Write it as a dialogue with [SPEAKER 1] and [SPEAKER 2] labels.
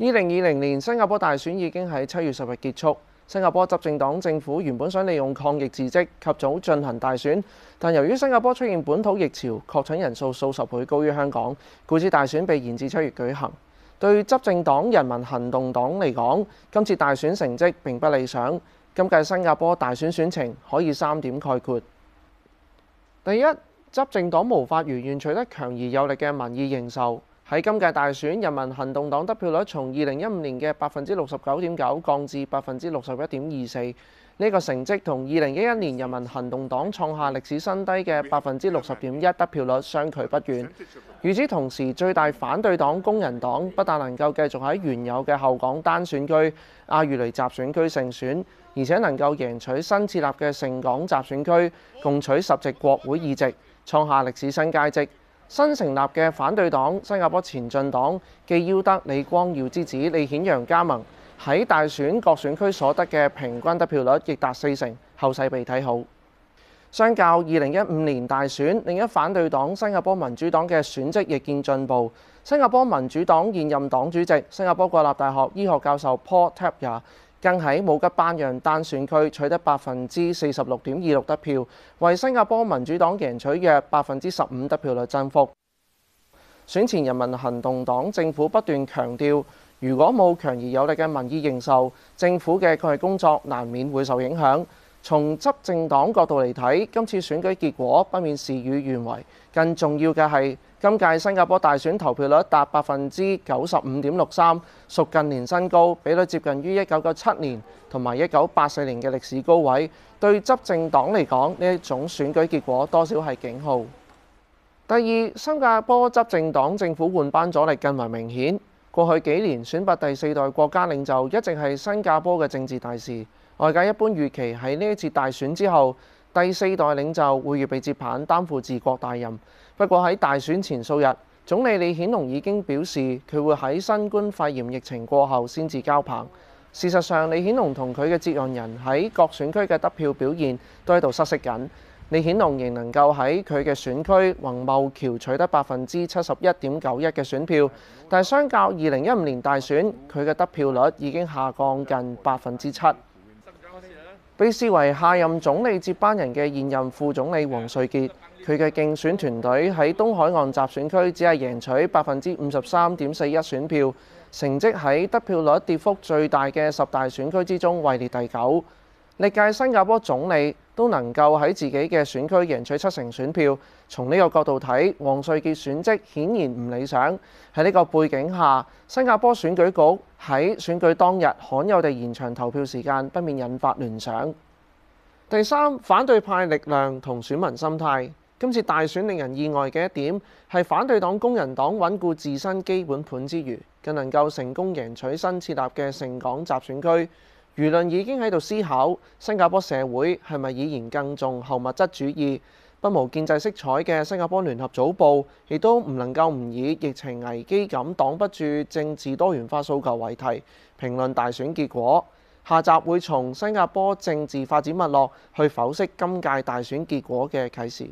[SPEAKER 1] 二零二零年新加坡大選已經喺七月十日結束。新加坡執政黨政府原本想利用抗疫辭職及早進行大選，但由於新加坡出現本土疫潮，確診人數數十倍高於香港，故此大選被延至七月舉行。對執政黨人民行動黨嚟講，今次大選成績並不理想。今屆新加坡大選選情可以三點概括：第一，執政黨無法如願取得強而有力嘅民意認受。喺今屆大選，人民行動黨得票率從二零一五年嘅百分之六十九點九降至百分之六十一點二四，呢、這個成績同二零一一年人民行動黨創下歷史新低嘅百分之六十點一得票率相距不遠。與此同時，最大反對黨工人黨不但能夠繼續喺原有嘅後港單選區、阿裕尼集選區勝選，而且能夠贏取新設立嘅盛港集選區，共取十席國會議席，創下歷史新佳績。新成立嘅反對黨新加坡前進黨既邀得李光耀之子李顯揚加盟，喺大選各選區所得嘅平均得票率亦達四成，後勢被睇好。相較二零一五年大選，另一反對黨新加坡民主黨嘅選績亦見進步。新加坡民主黨現任黨主席、新加坡國立大學醫學教授 Paul Tambyah，更喺武吉班讓單選區取得百分之四十六點二六得票，為新加坡民主黨贏取約百分之十五得票率增幅。選前人民行動黨政府不斷強調，如果冇強而有力嘅民意認受，政府嘅抗疫工作難免會受影響。從執政黨角度嚟睇，今次選舉結果不免事與願違。更重要嘅係，今屆新加坡大選投票率達百分之九十五點六三，屬近年新高，比率接近於一九九七年同埋一九八四年嘅歷史高位。對執政黨嚟講，呢一種選舉結果多少係警號。第二，新加坡執政黨政府換班阻力更為明顯。過去幾年選拔第四代國家領袖，一直係新加坡嘅政治大事。外界一般預期喺呢一次大選之後，第四代領袖會預備接棒擔負治國大任。不過喺大選前數日，總理李顯龍已經表示佢會喺新冠肺炎疫情過後先至交棒。事實上，李顯龍同佢嘅接任人喺各選區嘅得票表現都喺度失色緊。李顯龍仍能夠喺佢嘅選區宏茂橋取得百分之七十一點九一嘅選票，但係相較二零一五年大選，佢嘅得票率已經下降近百分之七。被視為下任總理接班人嘅現任副總理王瑞杰，佢嘅競選團隊喺東海岸集選區只係贏取百分之五十三點四一選票，成績喺得票率跌幅最大嘅十大選區之中位列第九。歷屆新加坡總理都能夠喺自己嘅選區贏取七成選票。從呢個角度睇，王瑞杰選職顯然唔理想。喺呢個背景下，新加坡選舉局喺選舉當日罕有地延長投票時間，不免引發聯想。第三，反對派力量同選民心態。今次大選令人意外嘅一點係，反對黨工人黨穩固自身基本盤之餘，更能夠成功贏取新設立嘅盛港集選區。輿論已經喺度思考新加坡社會係咪已然更重後物質主義，不無建制色彩嘅《新加坡聯合早報》亦都唔能夠唔以疫情危機感擋不住政治多元化訴求為題評論大選結果。下集會從新加坡政治發展脈絡去剖析今屆大選結果嘅啟示。